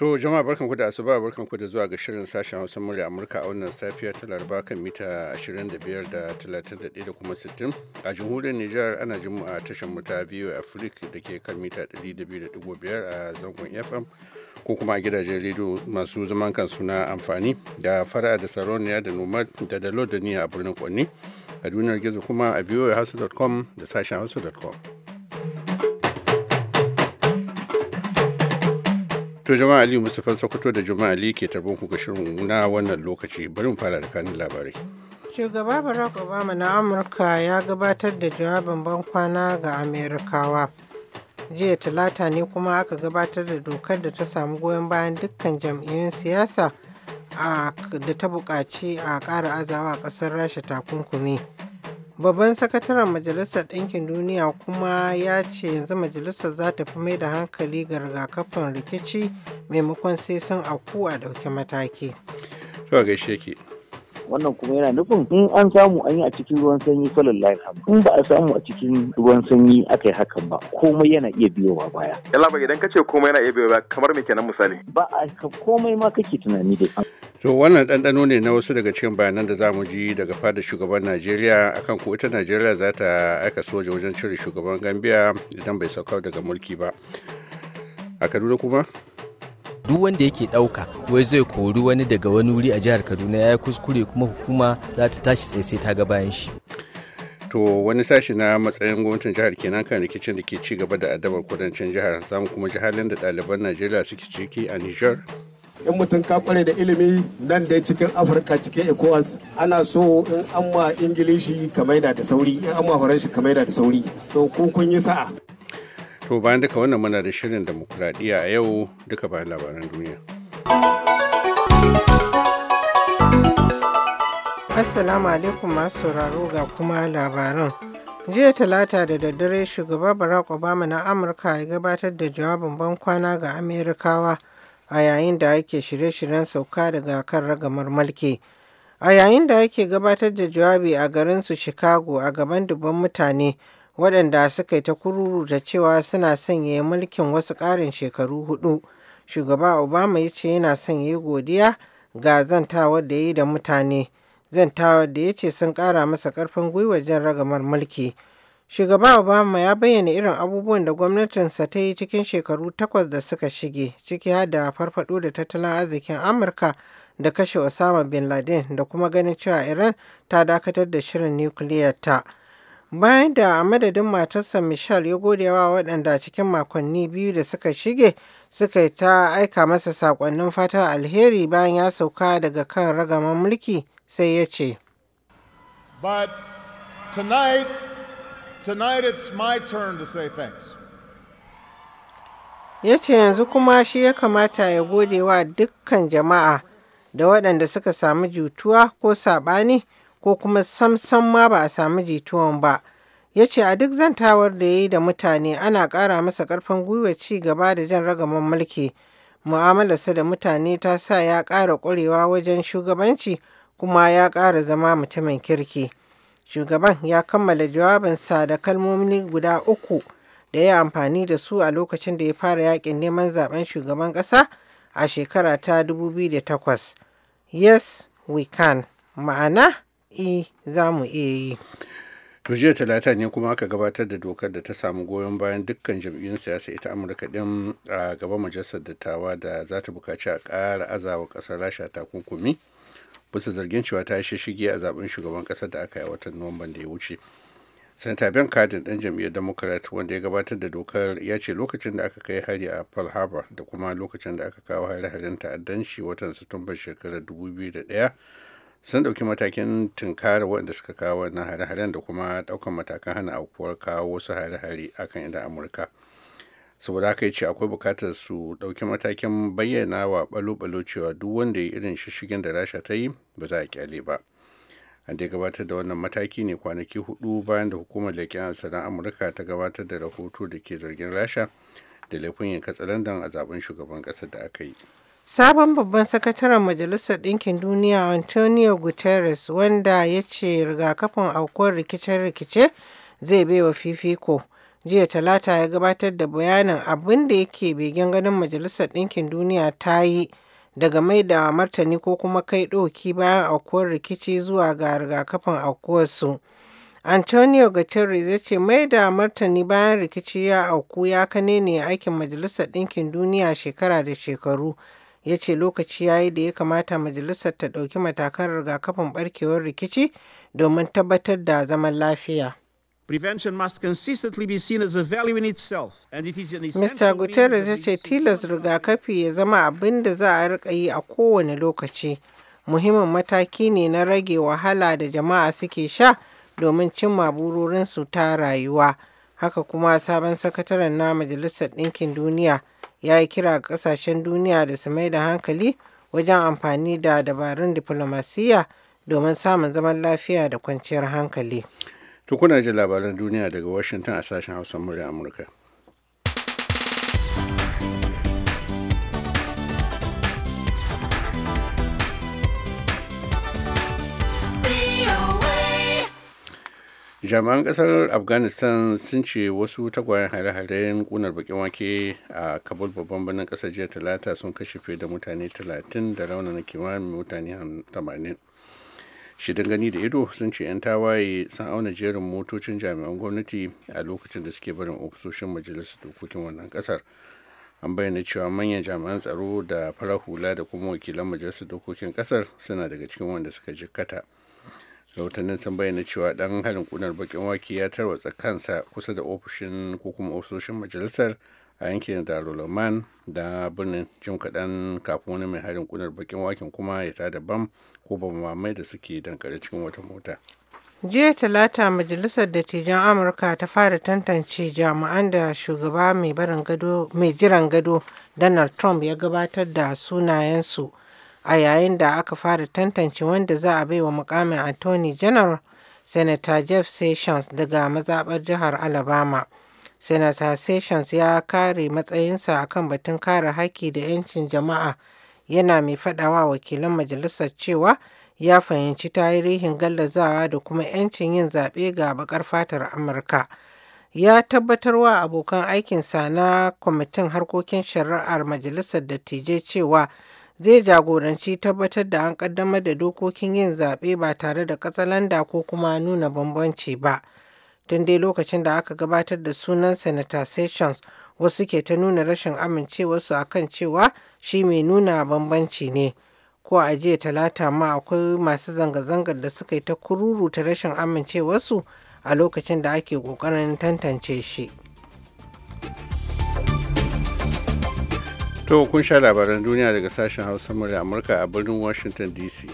To jama'a ku da asuba ku da zuwa ga shirin sashen Hausa murya Amurka a wannan safiya ta Laraba kan mita 25 da 31 da kuma 60. A jamhuriyar Nijar ana jin mu a tashar mu ta VOA Africa da ke kan mita 102.5 a zangon FM ko kuma a gidajen rediyo masu zaman kansu na amfani da fara da sarauniya da nomad da dalo da niya a birnin Kwanni. A duniyar gizo kuma a voahausa.com da sashen hausa.com. To jama'a Aliyu Mustapha Sokoto da jama'a Ali ke tarbon ku ga shirin na wannan lokaci bari mu fara da kanin labarai. Shugaba Barack Obama na Amurka ya gabatar da jawabin ban kwana ga Amerikawa. Jiya talata ne kuma aka gabatar da dokar da ta samu goyon bayan dukkan jam'iyyun siyasa da ta buƙaci a ƙara azawa a ƙasar Rasha takunkumi. Babban sakataren Majalisar Ɗinkin Duniya kuma ya ce yanzu majalisar za ta fi mai da hankali ga rigakafin rikici maimakon sai sun auku a ɗauki mataki. Tuwa gaishe ke. Wannan kuma yana nufin in an samu an yi a cikin ruwan sanyi salon lahiham in ba a samu a cikin ruwan sanyi aka yi hakan ba komai yana iya biyo ba. baya. Yalla idan ka ce komai yana iya biyo ba kamar me kenan misali. Ba a komai ma kake tunani da To wannan ɗanɗano ne na wasu daga cikin bayanan da zamu ji daga fadar shugaban Najeriya akan ko ita Najeriya za ta aika soja wajen cire shugaban Gambia idan bai sauka daga mulki ba. A Kaduna kuma? Duk wanda yake ɗauka wai zai kori wani daga wani wuri a jihar Kaduna ya yi kuskure kuma hukuma za ta tashi tsaye sai ta ga bayan shi. to wani sashi na matsayin gwamnatin jihar kenan kan rikicin da ke ci gaba da adabar kudancin jihar zamu kuma ji halin da ɗaliban najeriya suke ciki a niger in mutum ka kware da ilimi nan dai cikin afirka cikin ecowas ana so in an ma ingilishi ka maida da sauri in an ma faranshi ka maida da sauri to ku kun yi sa'a to bayan duka wannan muna da shirin demokuraɗiyya a yau duka bayan labaran duniya assalamu alaikum masu sauraro ga kuma labaran jiya talata da daddare shugaba barack obama na amurka ya gabatar da jawabin ban kwana ga amerikawa a yayin da ake shirye-shiryen sauka daga kan ragamar mulki. A yayin da ake gabatar da jawabi a garinsu Chicago a gaban dubban mutane waɗanda suka yi ta kururu da cewa suna sanya mulkin wasu ƙarin shekaru hudu. Shugaba Obama ya ce yana sanya godiya ga zantawar da ya yi da mutane, zantawar da ya ce sun ƙara masa ƙarfin gwiwa jan ragamar mulki. Shugaba Obama ya bayyana irin abubuwan da gwamnatinsa ta yi cikin shekaru takwas da suka shige, ciki har da farfado da tattalin arzikin Amurka da kashe Osama bin Laden da kuma ganin cewa Iran ta dakatar da shirin nukiliyar ta. Bayan da a madadin matarsa Michelle ya gode wa waɗanda cikin makonni biyu da suka shige suka ta aika masa saƙonnin fatan alheri bayan ya sauka daga kan ragaman mulki sai ya ce. Tonight it's my turn to say thanks. Ya yanzu kuma shi ya kamata ya gode wa dukkan jama'a da waɗanda suka samu jituwa ko saɓani ko kuma samsam ma ba a samu jituwan ba. Ya ce a duk zantawar da ya yi da mutane ana ƙara masa ƙarfin gwiwa ci gaba da jan ragaman mulki. Mu'amalarsa da mutane ta sa ya ƙara ƙwarewa wajen shugabanci kuma ya ƙara zama mutumin kirki. Shugaban ya kammala jawabinsa da kalmomi guda uku da ya amfani da su a lokacin da ya fara yakin neman zaben shugaban ƙasa a shekara ta 2008. Yes, we can. Ma'ana, e za mu iya yi. to jiya talata ne kuma aka gabatar da dokar da ta samu goyon bayan dukkan jam'iyyun siyasa ita amurka din a gaban majalisar dattawa da za ta bukaci a ƙara azawa ƙasar rasha takunkumi bisa zargin cewa ta yi shige a zaben shugaban ƙasar da aka yi watan nuwamban da ya wuce Santa Ben Cardin ɗan jam'iyyar Democrat wanda ya gabatar da dokar ya ce lokacin da aka kai hari a Pearl Harbor da kuma lokacin da aka kawo hari-hari haren ta'addanci watan Satumbar shekarar 2001 sun ɗauki matakin tunkara waɗanda suka kawo wannan hare-haren da kuma ɗaukan matakan hana aukuwar kawo wasu hare-hare akan inda Amurka. saboda haka ya ce akwai bukatar su ɗauki matakin bayyana wa balo-balo cewa duk wanda ya irin shishigin da rasha ta yi ba za a kyale ba an dai gabatar da wannan mataki ne kwanaki hudu bayan da hukumar leƙen asirin amurka ta gabatar da rahoto da ke zargin rasha da laifin yin katsalandan a zaben shugaban ƙasar da aka yi sabon babban sakataren majalisar ɗinkin duniya antonio guterres wanda ya ce rigakafin aukuwar rikice-rikice zai bai wa fifiko jiya talata ya gabatar da bayanin abin da yake begen ganin majalisar ɗinkin duniya ta yi daga mai da martani ko kuma kai ɗoki bayan aukuwar rikici zuwa ga rigakafin aukuwarsu antonio guterres ya ce mai da martani bayan rikici ya auku ya kane ne aikin majalisar ɗinkin duniya shekara da shekaru ya ce lokaci ya yi da ya kamata majalisar ta ɗauki matakan rigakafin barkewar rikici domin tabbatar da zaman lafiya Mr. Guterres ya ce tilas rigakafi ya zama abin da za a rika yi a kowane lokaci. Muhimmin mataki ne na rage wahala da jama'a suke sha domin cimma bururinsu ta rayuwa. Haka kuma sabon sakataren na Majalisar Ɗinkin Duniya ya yi kira ga ƙasashen duniya da su mai da hankali wajen amfani da dabarun diflomasiyya domin samun zaman lafiya da kwanciyar hankali. To kuna jin labaran duniya daga Washington a sashen Hausa murya Amurka. jami'an kasar afghanistan sun ce wasu tagwayen hare-haren kunar bakin wake a kabul babban birnin kasar jiya talata sun kashe fiye da mutane 30 da raunana kimanin mutane 80 shidan gani da ido sun ce 'yan tawaye sun auna jerin motocin jami'an gwamnati a lokacin da suke barin ofisoshin majalisar dokokin wannan kasar an bayyana cewa manyan jami'an tsaro da farar hula da kuma wakilan majalisar dokokin kasar suna daga cikin wanda suka jikkata rahotannin sun bayyana cewa dan harin kunar bakin wake ya tarwatsa kansa kusa da ofishin ko kuma ofisoshin majalisar a yankin darulaman da birnin jim kaɗan kafin wani mai harin kunar bakin wakin kuma ya tada bam ko mamai da suke dankare cikin wata mota jiya talata majalisar dattijan amurka ta fara tantance jami'an da shugaba mai jiran gado donald trump ya gabatar da sunayensu a yayin da aka fara tantance wanda za a baiwa mukamin anthony general senator jeff sessions daga mazabar jihar alabama Senator Sessions ya kare matsayinsa akan batun kare haƙƙi da 'yancin jama'a yana mai faɗawa wakilan majalisar cewa ya fahimci tarihin gallazawa da kuma 'yancin yin zaɓe ga baƙar fatar Amurka. Ya tabbatar wa abokan aikinsa na kwamitin harkokin shari'ar majalisar dattijai cewa zai jagoranci tabbatar da an ƙaddamar da dokokin yin zaɓe ba tare da katsalanda ko kuma nuna bambanci ba. don dai lokacin da aka gabatar da sunan Senator Sessions wasu ke ta nuna rashin amincewarsu a kan cewa shi mai nuna bambanci ne. Ko a jiya talata ma akwai masu zanga-zangar da suka yi ta kururuta rashin amincewarsu a lokacin da ake kokarin tantance shi. To kun sha labaran duniya daga sashen Hausa murya Amurka a birnin Washington DC.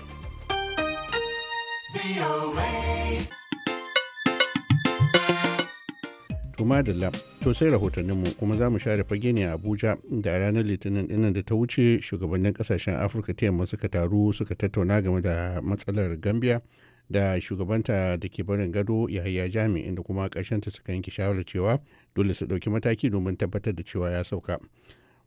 To madalla, to sai rahotanninmu kuma za mu share fage ne a Abuja da ranar Litinin dinnan da ta wuce shugabannin kasashen Afirka ta yamma suka taru suka tattauna game da matsalar Gambia da shugabanta da ke barin gado Yahaya Jami inda kuma ta suka yanke shawarar cewa dole su ɗauki mataki domin tabbatar da cewa ya sauka.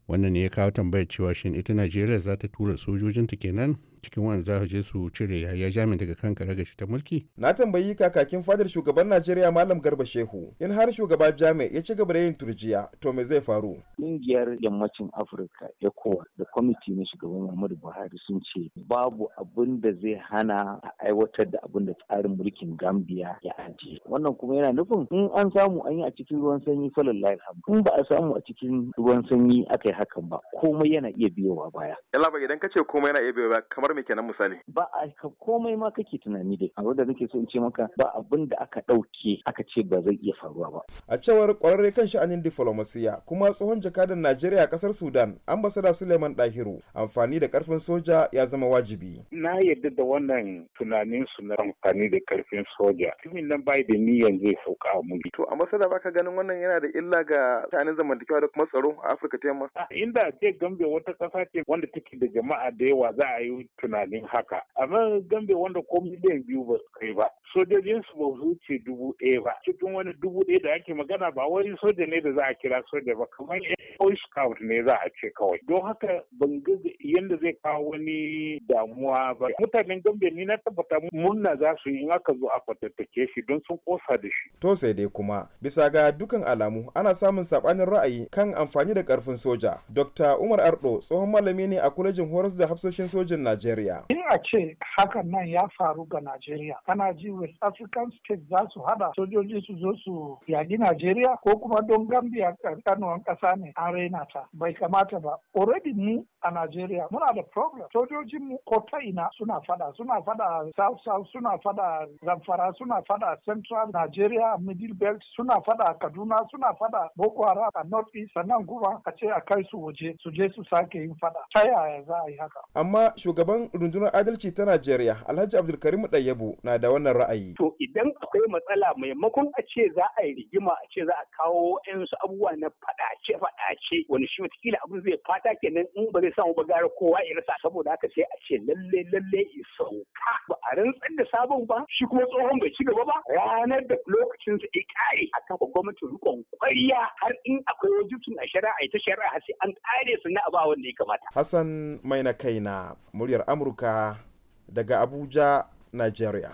Wannan ne ya kawo tambayar cewa shin ita Najeriya za ta tura sojojinta kenan cikin wannan za je su cire yaya jamin daga kan karaga shi ta mulki na tambayi kakakin fadar shugaban najeriya malam garba shehu in har shugaba jami ya ci gaba da yin turjiya to me zai faru kungiyar yammacin afirka ecowas da kwamiti na shugaban muhammadu buhari sun ce babu abin da zai hana a aiwatar da abin da tsarin mulkin gambia ya ajiye wannan kuma yana nufin in an samu an yi a cikin ruwan sanyi falallahi in ba a samu a cikin ruwan sanyi aka yi hakan ba komai yana iya biyowa baya. Yalla idan ka ce komai yana iya biyowa kamar kamar me kenan misali ba a komai ma kake tunani dai a wanda nake so in ce maka ba abin da aka dauke aka ce ba zai iya faruwa ba a cewar kwararre kan sha'anin diflomasiya kuma tsohon jakadan Najeriya a kasar Sudan ambassador Suleiman Dahiru amfani da karfin soja ya zama wajibi na yarda da wannan tunanin su na amfani da karfin soja kimin nan bai da niyan zai sauka a muni to ambasada baka ganin wannan yana da illa ga sha'anin zamantakewa da kuma tsaro a Afirka ta Yamma inda ce Gambia wata kasa ce wanda take da jama'a da yawa za a yi tunanin haka amma gambe wanda ko miliyan biyu ba su kai ba sojojin su ba su wuce dubu ɗaya ba cikin wani dubu ɗaya da ake magana ba wani soja ne da za a kira soja ba kamar boy scout ne za a ce kawai don haka ban ga yadda zai kawo wani damuwa ba mutanen gambe ni na tabbata murna za su yi in aka zo a fatattake shi don sun kosa da shi to sai dai kuma bisa ga dukan alamu ana samun sabanin ra'ayi kan amfani da karfin soja dr umar ardo tsohon malami ne a kwalejin horas da hafsoshin sojin najeriya Najeriya. In a ce hakan nan ya faru ga Najeriya, ana ji West African State za su hada sojoji su zo su yaƙi Najeriya ko kuma don Gambia kankanuwan ƙasa ne an raina ta. Bai kamata ba. Already mu a Najeriya muna da problem. Sojojin mu ko ta ina suna fada, suna fada South South, suna fada Zamfara, suna fada Central Najeriya, Middle Belt, suna fada Kaduna, suna fada Boko Haram a North East, sannan kuma a ce a kai su waje su je su sake yin fada. Ta yaya za a yi haka? Amma shugaban shugaban rundunar adalci ta Najeriya Alhaji Abdulkarim Dayyabo na da wannan ra'ayi. To idan akwai matsala maimakon a ce za a yi rigima a ce za a kawo yansu abubuwa na faɗace faɗace wani shi watakila abin zai fata kenan in ba zai samu ba gara kowa ya rasa saboda haka sai a ce lalle lalle ya sauka ba a rantsar da sabon ba shi kuma tsohon bai ci gaba ba ranar da lokacin su ya kare a kafa gwamnatin rikon kwariya har in akwai wajibcin a shari'a ta shari'a sai an kare su na abawan da ya kamata. Hassan mai Maina Kaina muryar amurka daga abuja nigeria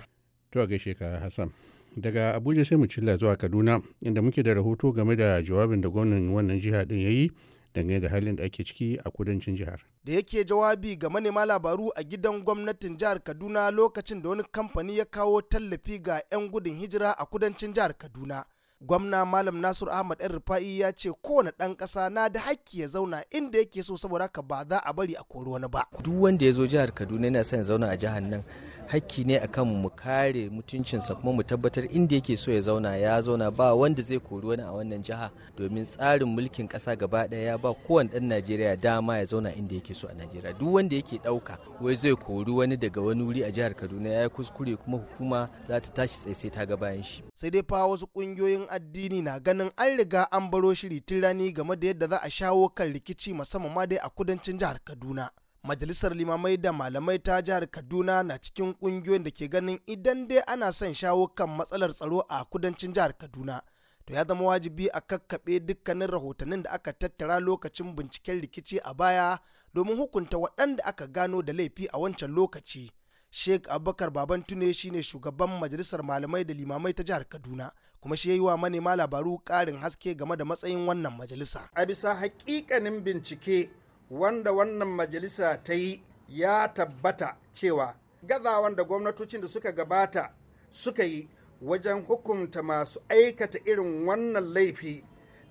to gaishe ka hassan daga abuja sai mu cilla zuwa kaduna inda muke da rahoto game da jawabin da gwamnan wannan jiha din ya yi dangane da halin da ake ciki a kudancin jihar da yake jawabi ga manema labaru a gidan gwamnatin jihar kaduna lokacin da wani kamfani ya kawo tallafi ga 'yan gudun hijira a kudancin jihar kaduna gwamna malam nasur ahmad yan rufa'i ya ce kowane ɗan ƙasa na da hakki ya zauna inda yake so saboda haka ba za a bari a kori wani ba duk wanda ya zo jihar kaduna yana son ya zauna a jihar nan hakki ne a kan mu kare mutuncinsa kuma mu tabbatar inda yake so ya zauna ya zauna ba wanda zai kori wani a wannan jiha domin tsarin mulkin kasa gaba daya ya ba kowane dan najeriya dama ya zauna inda yake so a najeriya duk wanda yake ɗauka wai zai kori wani daga wani wuri a jihar kaduna ya kuskure kuma hukuma za ta tashi tsaye ta ga bayan shi sai dai fa wasu kungiyoyin addini na ganin an riga an baro shiri tun rani game da yadda za a shawo kan rikici musamman ma dai a kudancin jihar kaduna majalisar limamai da malamai ta jihar kaduna na cikin ƙungiyoyin da ke ganin idan dai ana son shawo kan matsalar tsaro a kudancin jihar kaduna to ya zama wajibi a kakkaɓe dukkanin rahotannin da aka tattara lokacin binciken rikici a baya domin hukunta waɗanda aka gano da laifi a wancan lokaci sheikh abubakar baban tune shine shugaban majalisar malamai da limamai ta jihar kaduna kuma shi ya yi wa manema labaru ƙarin haske game da matsayin wannan majalisa a bisa haƙiƙanin bincike wanda wannan majalisa ta yi ya tabbata cewa gazawan da gwamnatocin da suka gabata suka yi wajen hukunta masu aikata irin wannan laifi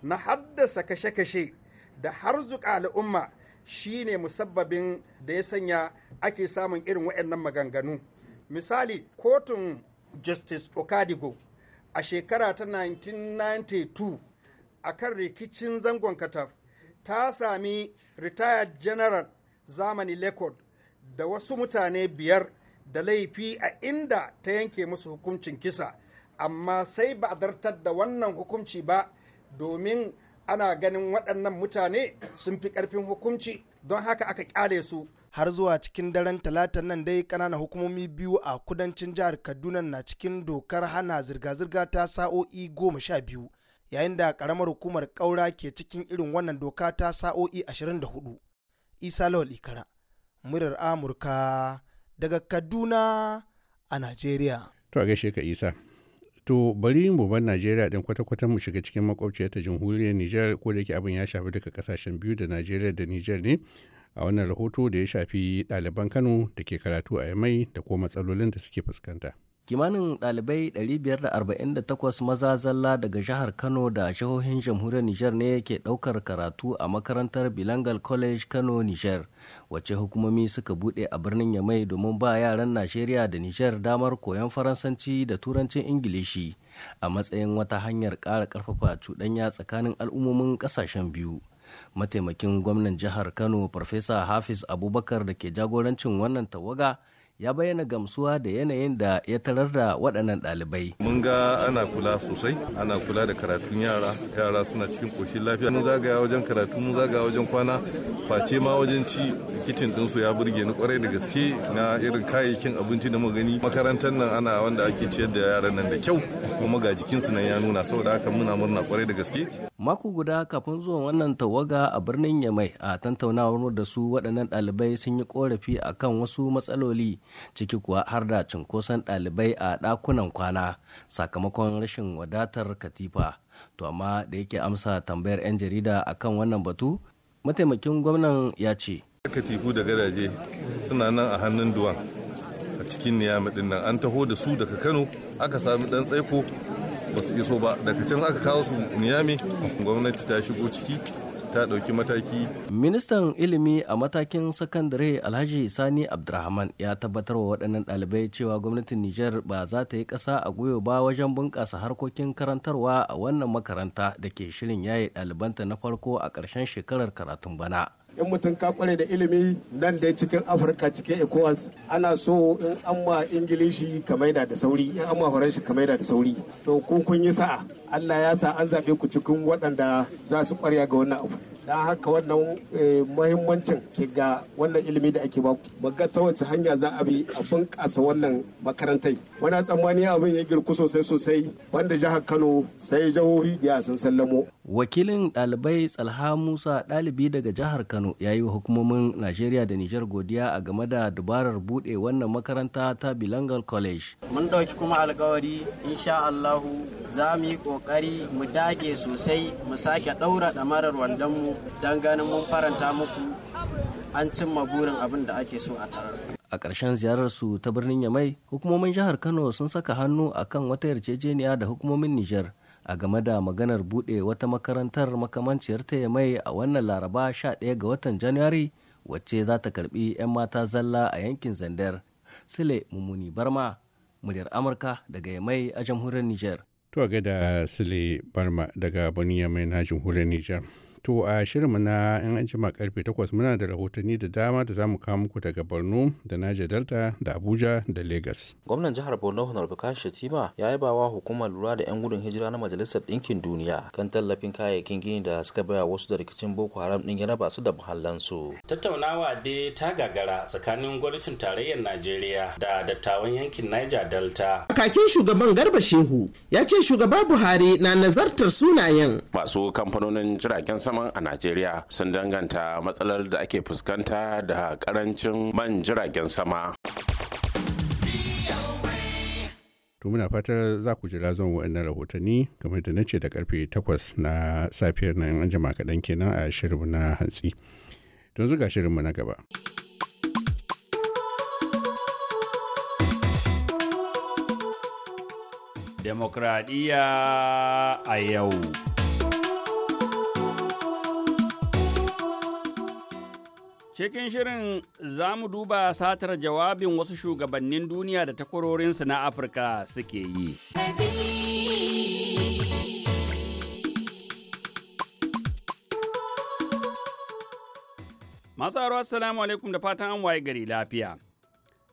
na haddasa kashe-kashe da har harzuka al'umma Shi ne musabbabin da ya sanya ake samun irin waɗannan maganganu misali kotun justice okadigo a shekara ta 1992 a kan rikicin zangon kataf ta sami retired general zamani lekod da wasu mutane biyar da laifi a inda ta yanke musu hukuncin kisa amma sai ba a dartar da wannan hukunci ba domin ana ganin waɗannan mutane sun fi ƙarfin hukunci don haka aka ƙyale su har zuwa cikin daren talatan nan dai ƙananan hukumomi biyu a kudancin jihar kaduna na cikin dokar hana zirga-zirga ta sa'o'i goma sha biyu yayin da karamar hukumar kaura ke cikin irin wannan doka ta sa'o'i 24 isa lawal ikara murar amurka daga kaduna a nigeria. to a gaishe ka isa to bari mu ban nigeria din kwata-kwata mu shiga cikin makwabciyar ta jamhuriyar niger ko da yake abin ya shafi duka kasashen biyu da nigeria da niger ne a wannan rahoto da ya shafi ɗaliban kano da ke karatu a yamai da ko matsalolin da suke fuskanta kimanin ɗalibai 548 maza zalla daga jihar kano da jihohin jamhuriyar niger ne ke ɗaukar karatu a makarantar bilangal college kano niger wacce hukumomi suka buɗe a birnin yamai domin ba yaran najeriya da niger damar koyon faransanci da turancin ingilishi a matsayin wata hanyar ƙara ƙarfafa cuɗanya tsakanin al'ummomin ƙasashen biyu mataimakin gwamnan jihar kano farfesa hafiz abubakar da ke jagorancin wannan tawaga ya bayyana gamsuwa da yanayin da ya tarar da waɗannan ɗalibai. Mun ga ana kula sosai, ana kula da karatun yara, yara suna cikin ƙoshin lafiya. Mun zagaya wajen karatu, mun zagaya wajen kwana, face ma wajen ci kicin ɗinsu ya burge ni kwarai da gaske na irin kayayyakin abinci da gani makarantar nan ana wanda ake ciyar da yaran nan da kyau kuma ga jikinsu nan ya nuna saboda haka muna murna kwarai da gaske. Mako guda kafin zuwan wannan tawaga a birnin Yamai a tantaunawar da su waɗannan ɗalibai sun yi ƙorafi akan wasu matsaloli ciki kuwa har da cunkoson ɗalibai a ɗakunan kwana sakamakon rashin wadatar katifa. To amma da yake amsa tambayar 'yan jarida akan wannan batu, mataimakin gwamnan ya ce. Katifu da gadaje suna nan a hannun duwan a cikin niyami nan an taho da su daga Kano aka sami dan tsaiko ba su iso ba daga can aka kawo su niyami gwamnati ta shigo ciki ta ɗauki mataki. Ministan ilimi a matakin sakandare Alhaji Sani Abdurrahman ya tabbatar wa waɗannan ɗalibai cewa gwamnatin Nijar ba za ta yi ƙasa a gwiwa ba wajen bunƙasa harkokin karantarwa a wannan makaranta da ke shirin yaye ɗalibanta na farko a ƙarshen shekarar karatun bana. in mutum ka kware da ilimi nan dai cikin afirka cikin ecowas ana so in an ma ingilishi ka maida da sauri in an ma faranshi ka maida da sauri to ko kun yi sa'a allah ya sa an zaɓe ku cikin waɗanda za su kwarya ga wannan abu don haka wannan eh, mahimmancin ke ga wannan ilimi da ake baku. ga ta wace hanya za a bi a bunƙasa wannan makarantai muna tsammani abin ya girku sosai sosai wanda jihar kano sai jihohi da sun sallamo wakilin ɗalibai tsalha musa ɗalibi daga jihar kano ya yi wa hukumomin najeriya da nijar godiya a game da dubarar buɗe wannan makaranta ta bilangal college mun ɗauki kuma alkawari insha allahu za mu yi ƙoƙari mu dage sosai mu sake ɗaura ɗamarar wandonmu dan don ganin mun faranta muku an cimma burin abin da ake so a tarar. A ƙarshen ziyararsu ta birnin Yamai, hukumomin jihar Kano sun saka hannu a kan wata yarjejeniya da hukumomin Nijar a game da maganar buɗe wata makarantar makamanciyar ta Yamai a wannan Laraba 11 ga watan Janairu wacce za ta karbi 'yan mata zalla a yankin Zandar. Sule Mummuni Barma, muryar Amurka daga Yamai a jamhuriyar Nijar. To a gada Sule Barma daga Buniya mai na jamhuriyar Nijar. To a shirinmu na 'yan anjima karfe takwas, muna da rahotanni da dama da za mu kawo muku daga Borno da Niger Delta da Abuja da Lagos. Gwamnan jihar Borno Honar bukar Shatima ya yi bawa hukumar lura da 'yan gudun hijira na Majalisar Ɗinkin Duniya kan tallafin kayayyakin gini da suka baya wasu da rikicin Boko Haram ɗin yana ba su da muhallansu. Tattaunawa dai ta gagara tsakanin gwamnatin tarayyar Najeriya da dattawan yankin Niger Delta. Kakin shugaban Garba Shehu ya ce shugaba Buhari na nazartar sunayen. Masu kamfanonin jiragen sama musamman a najeriya sun danganta matsalar da ake fuskanta da karancin man jiragen sama to muna fatar za ku jira zuwan wa'annan rahotanni kamar da nace da karfe 8 na safiyar nan an jima kaɗan kenan a shirinmu na hantsi don zuga shirinmu na gaba demokradiyya a yau Cikin shirin za mu duba satar jawabin wasu shugabannin duniya da takwarorinsu na Afirka suke yi. Masu aro assalamu alaikum da fatan an waye gari lafiya.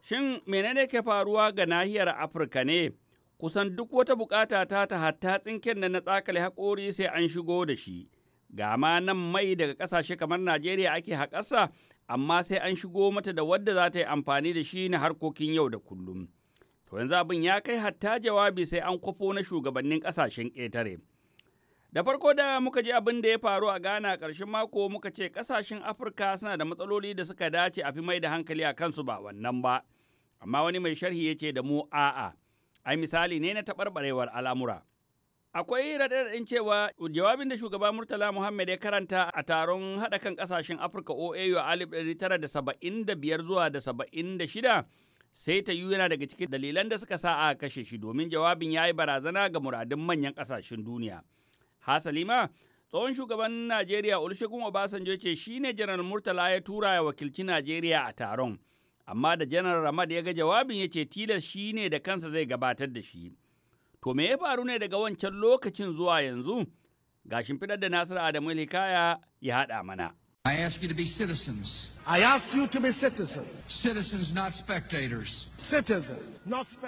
Shin menene ke faruwa ga nahiyar Afirka ne? Kusan duk wata bukata ta ta hatta tsinken da na tsakale haƙori sai an shigo da shi. ga ma nan mai daga kasashe kamar Najeriya ake haƙasa amma sai an shigo mata da wadda za ta yi amfani da shi na harkokin yau da kullum. To yanzu abin ya kai hatta jawabi sai an kwafo na shugabannin ƙasashen ƙetare. Da farko da muka ji abin da ya faru a Ghana ƙarshen mako muka ce ƙasashen Afirka suna da matsaloli da suka dace a fi mai da hankali a kansu ba wannan ba. Amma wani mai sharhi ya ce da mu a'a. Ai misali ne na taɓarɓarewar al'amura. Akwai raɗaɗin cewa jawabin da shugaba Murtala Muhammad ya karanta a taron haɗa kan ƙasashen Afirka OAU a biyar zuwa da shida, sai ta yi yana daga cikin dalilan da suka sa a kashe shi domin jawabin ya yi barazana ga muradun manyan ƙasashen duniya. Hasali ma, tsohon shugaban Najeriya Olusegun Obasanjo ce shine Janar Murtala ya tura ya wakilci Najeriya a taron. Amma da Janar Ramad ya ga jawabin ya ce tilas shi ne da kansa zai gabatar da shi. To me ya faru ne daga wancan lokacin zuwa yanzu? Ga shimfiɗar da Nasiru Adamu likaya ya haɗa mana. I ask you to be citizens I ask you to be citizen. Citizens, not spectators. Citizens.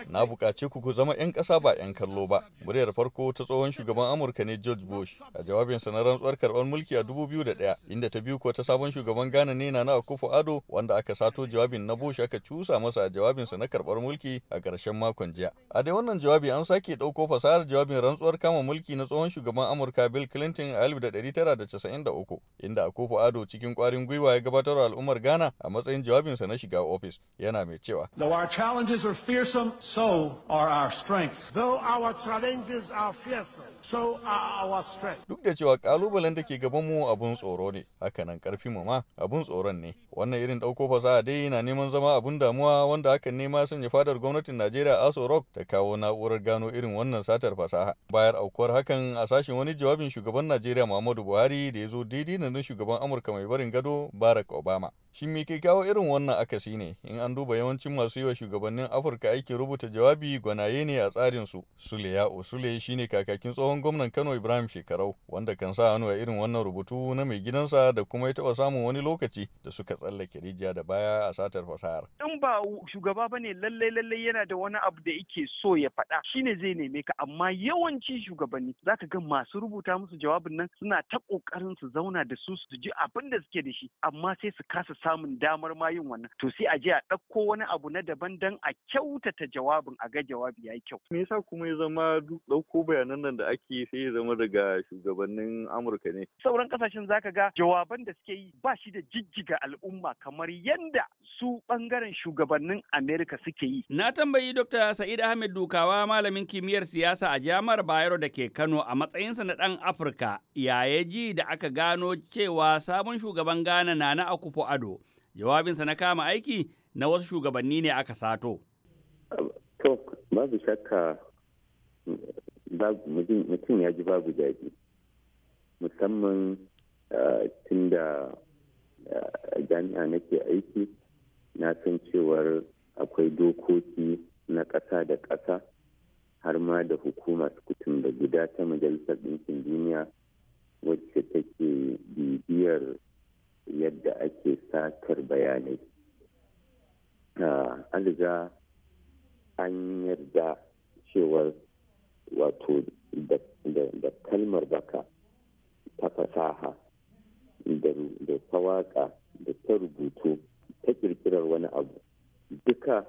Na buƙace ku ku zama 'yan ƙasa ba 'yan kallo ba. Muryar farko ta tsohon shugaban Amurka ne George Bush a jawabinsa na rantsuwar karɓar mulki a 2001 inda ta biyu ko ta sabon shugaban Ghana ne Nana Akufo Ado wanda aka sato jawabin na Bush aka cusa masa a jawabinsa na karɓar mulki a ƙarshen makon jiya. A dai wannan jawabi an sake ɗauko fasahar jawabin rantsuwar kama mulki na tsohon shugaban Amurka Bill Clinton a 1993 inda Akufo Ado cikin ƙwarin gwiwa ya gabatar wa al'umma Umar Ghana a matsayin jawabinsa na shiga ofis yana mai cewa. Though our challenges are fearsome, so are our strengths. Though our challenges are fearsome, so our strengths. Duk da cewa kalubalen da ke gaban mu abun tsoro ne, hakanan karfin mu ma abun tsoron ne. Wannan irin dauko fasaha dai na neman zama abun damuwa wanda hakan nema sanya fadar gwamnatin Najeriya Aso Rock ta kawo na'urar gano irin wannan satar fasaha. Bayar aukuwar hakan a sashen wani jawabin shugaban Najeriya Muhammadu Buhari da ya zo daidai na shugaban Amurka mai barin gado Barack Obama. Shin me ke kawo irin wannan akasi ne in an duba yawancin masu yi wa shugabannin Afirka aikin rubuta jawabi gwanaye ne a tsarin su. Sule ya Osule shine kakakin tsohon gwamnan Kano Ibrahim Shekarau wanda kan sa hannu a irin wannan rubutu na mai gidansa da kuma ya taba samun wani lokaci da suka tsallake rijiya da baya a satar fasahar. In ba shugaba ba ne lallai lallai yana da wani abu da yake so ya faɗa shine zai neme ka amma yawanci shugabanni zaka ga masu rubuta musu jawabin nan suna ta kokarin su zauna da su su ji abin da suke da shi amma sai su ka kasa samun damar ma yin wannan to sai a je a ɗauko wani abu na daban dan a kyautata jawabin a ga jawabi ya yi kyau. Me yasa kuma ya zama ɗauko bayanan nan da ake sai ya zama daga shugabannin Amurka ne? Sauran kasashen zaka ga jawaban da suke yi ba shi da jijjiga al'umma kamar yadda su bangaren shugabannin Amerika suke yi. Na tambayi Dr. Sa'id Ahmed Dukawa malamin kimiyyar siyasa a jami'ar Bayero da ke Kano a matsayinsa na ɗan Afirka yaya ji da aka gano cewa sabon shugaban Ghana na na Akufo ado jawabinsa na kama aiki na wasu shugabanni ne aka sato to babu shakka mutum ya ji babu daɗi musamman tun da jami'a nake aiki na san cewar akwai dokoki na ƙasa da ƙasa har ma da hukuma sukutun da guda ta majalisar ɗinkin duniya wacce take bibiyar yadda ake satar bayanai ah, an riga an yarda cewar wato da kalmar baka ta fasaha da ta waka da ta rubutu ta kirkirar wani abu duka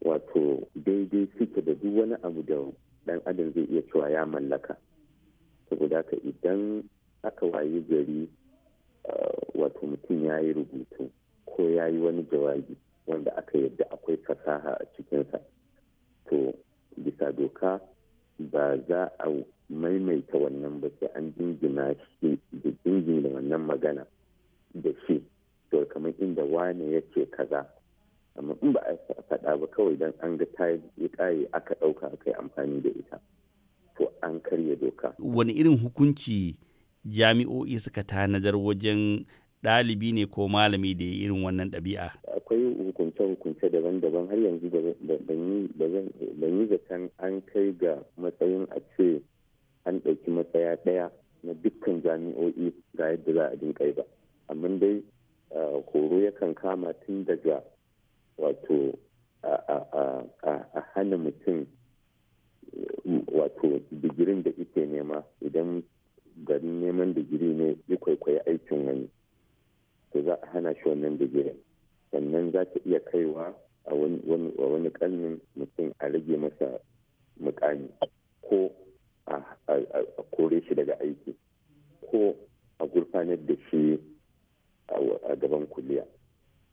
wato daidai suke da duk wani abu da dan adam zai iya cewa ya mallaka saboda haka idan aka wayi gari Uh, wato mutum ya yi rubutu ko ya yi wani jawabi wanda aka yadda akwai fasaha a cikinsa to bisa doka ba za a maimaita wannan ba sai an jingina shi da jingina wannan magana da shi to kamar inda wane ya ce kaza amma in ba a faɗa ba kawai don an ga ta yi aka ɗauka aka yi amfani da ita to an karya doka wani irin hukunci jami'o'i suka tanadar wajen ɗalibi ne ko malami da ya irin wannan ɗabi'a? Akwai hukunce-hukunce daban-daban har yanzu ban yi zaton an kai ga matsayin a ce an ɗauki matsaya ɗaya na dukkan jami'o'i ga yadda za a dinka ba. Amma dai horo yakan kama tun daga wato a hana mutum wato digirin da ike nema idan garin neman digiri ne yi kwaikwayi aikin wani to za a hana shi wannan digiri sannan za ta iya kaiwa a wani kalmin mutum a rage masa mukami ko a kore shi daga aiki ko a gurfanar da shi a gaban kuliya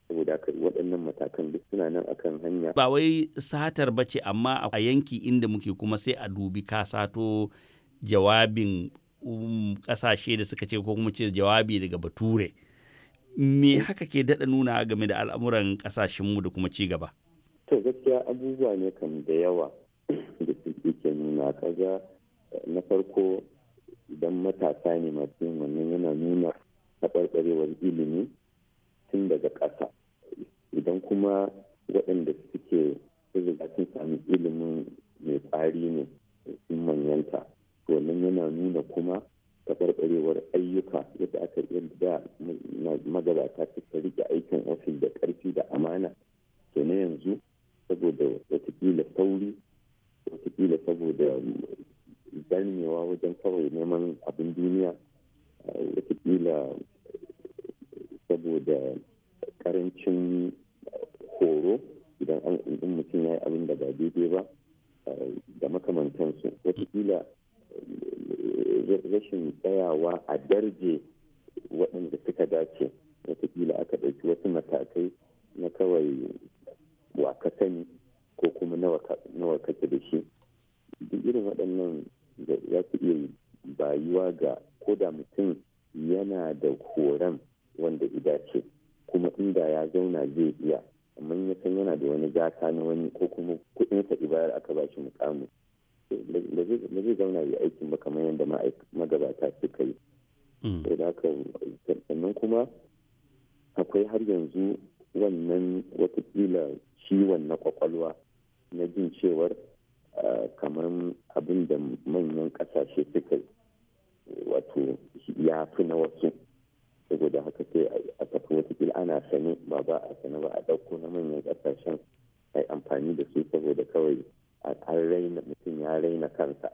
saboda haka waɗannan matakan duk suna nan akan hanya ba wai satar bace amma a yanki inda muke kuma sai a dubi ka sato jawabin kasashe um, da suka ce ko kuma ce jawabi daga bature me haka ke daɗa nuna game da al'amuran kasashenmu da kuma ci gaba to gaskiya abubuwa ne kan da yawa da suke ke nuna kaga eh, na farko idan matasa ne masu wannan yana nuna taɓarɓarewar ilimi tun daga ƙasa idan kuma waɗanda suke riga sun sami ilimin mai tsari ne sun manyanta to yana nuna kuma taɓarɓarewar ayyuka yadda aka yi da magabata suka rike aikin ofis da ƙarfi kuma akwai har yanzu wannan watakila ciwon na kwakwalwa na jin cewar kamar abin da manyan kasashe suka wato ya fi na wasu saboda haka sai a tafi watakila ana sane ba ba a sane ba a ɗauko na manyan kasashen a amfani da su saboda kawai an raina mutum ya raina kansa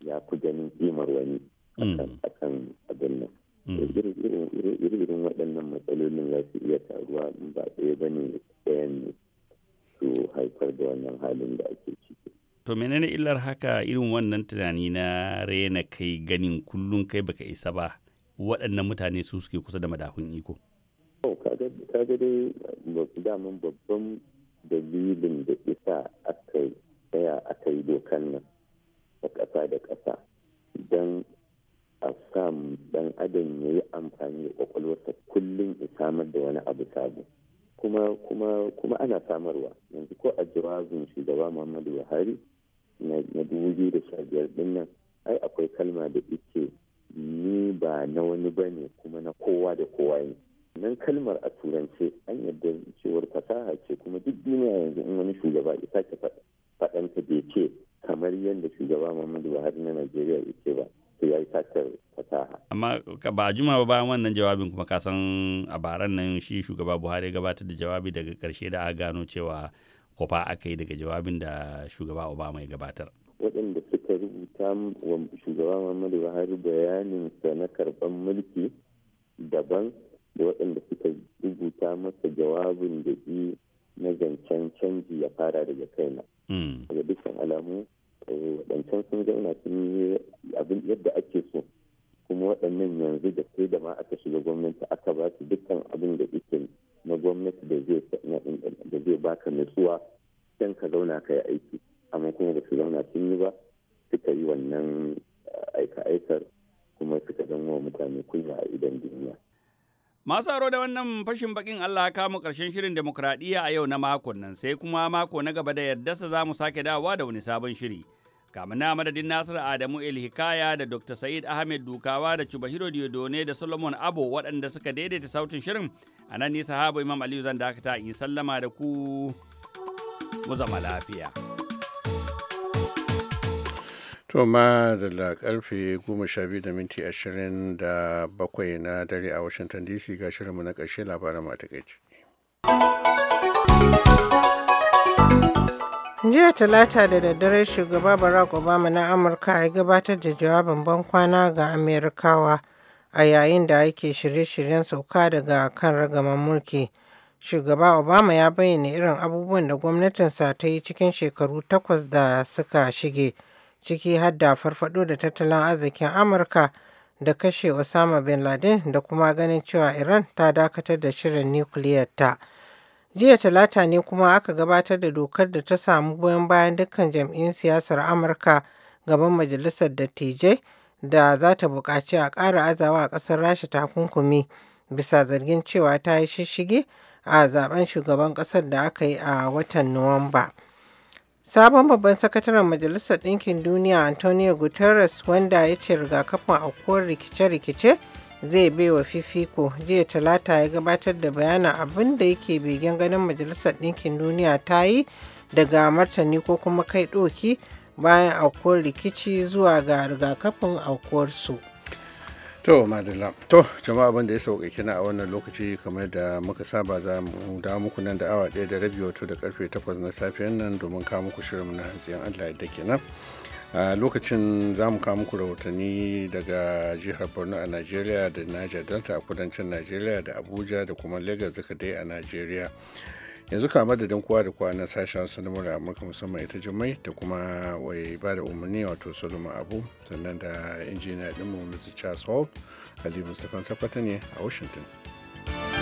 ya fi ganin kimar wani hmm. akan abin nan Mm. irin waɗannan matsalolin za su iya taruwa ba ɗaya ba ne ɗayan ne su haifar da wannan halin da ake ciki to menene illar haka irin wannan tunani na rena kai ganin kullum kai baka isa ba waɗannan mutane su suke kusa da madafun iko kaga dai daman babban dalilin da isa aka tsaya aka yi dokan nan a ƙasa da ƙasa adam ya yi amfani da kwakwalwarsa kullum ya samar da wani abu sabo kuma kuma kuma ana samarwa yanzu ko a jawabin shugaba muhammadu buhari na dubu biyu da sha biyar din nan ai akwai kalma da ike ni ba na wani ba ne kuma na kowa da kowa ne nan kalmar a turance an yadda cewar fasaha ce kuma duk duniya yanzu in wani shugaba ya sake faɗanta bai ce kamar yadda shugaba muhammadu buhari na najeriya ya ce ba sai ya yi fasaha. Amma ba juma ba bayan wannan jawabin kuma kasan a baran nan shi shugaba Buhari gabatar da jawabi daga karshe da a gano cewa kwafa aka yi daga jawabin da shugaba Obama ya gabatar. Waɗanda suka rubuta wa shugaba Muhammadu Buhari bayanin sa na karɓar mulki daban da waɗanda suka rubuta masa jawabin da na zancen canji ya fara daga kaina. Hmm. Daga dukkan alamu, eh, waɗancan sun zauna sun yi abin yadda ake so. da kai da ma aka shiga gwamnati aka ba su dukkan abin da ike na gwamnati da zai baka nutsuwa don ka zauna ka yi aiki amma kuma ba su zauna sun yi ba suka yi wannan eh, aika-aikar kuma suka zama mutane kunya a idan duniya. Masu aro da wannan fashin bakin Allah ka mu karshen shirin demokradiyya a yau na makon nan sai kuma mako na gaba da sa za mu sake dawowa da wani sabon shiri. na madadin Nasiru Adamu El Hikaya da Dr. Said Ahmed Dukawa da Hiro Diodone da Solomon Abo waɗanda suka daidaita sautin shirin. A nan ni sahabo Imam Aliyu zan dakata in sallama da ku mu zama lafiya. To ma da karfe goma biyu da minti ashirin da bakwai na dare a Washington DC ga shirinmu na ƙarshe labaran matakaici. jiya talata da daddare shugaba barack obama na amurka ya gabatar da jawabin bankwana ga amerikawa a yayin da ake shirye-shiryen sauka daga kan ragaman mulki shugaba obama ya bayyana irin abubuwan da gwamnatinsa ta yi cikin shekaru takwas da suka shige ciki har da farfado da tattalin arzikin amurka da kashe osama bin laden da kuma ganin cewa iran ta dakatar da shirin nukiliyar ta. Jiya Talata ne kuma aka gabatar da dokar da ta samu goyon bayan dukkan jam'iyyun siyasar Amurka gaban Majalisar Dattijai da za ta buƙaci a ƙara azawa a ƙasar Rasha takunkumi bisa zargin cewa ta yi shishige a zaben shugaban ƙasar da aka yi a watan Nuwamba. Sabon babban sakataren Majalisar Ɗinkin Duniya Antonio Guterres wanda ya ce rigakafin aukuwar rikice-rikice zai baiwa fifiko jiya talata ya gabatar da bayanin abin da yake begen ganin majalisar ɗinkin duniya ta yi daga martani ko kuma kai ɗoki bayan aukuwar rikici zuwa ga rigakafin aukuwarsu. to madalla to jama'a abin da ya sauka kina a wannan lokaci kamar da muka saba za mu da muku nan da awa ɗaya da rabi wato da karfe takwas na safiyan nan domin kawo muku shirin na hantsi Allah yadda kenan. a lokacin za mu kawo muku rahotanni daga jihar borno a nigeria da niger delta a kudancin nigeria da abuja da kuma lagos duka dai a nigeria yanzu kama da kowa da kowa na sashen sanarwar da amurka musamman ita jimai da kuma wai ba da umarni wato solomon abu sannan da injiniya dinmu mr charles hall ali mustapha sakwata ne a washington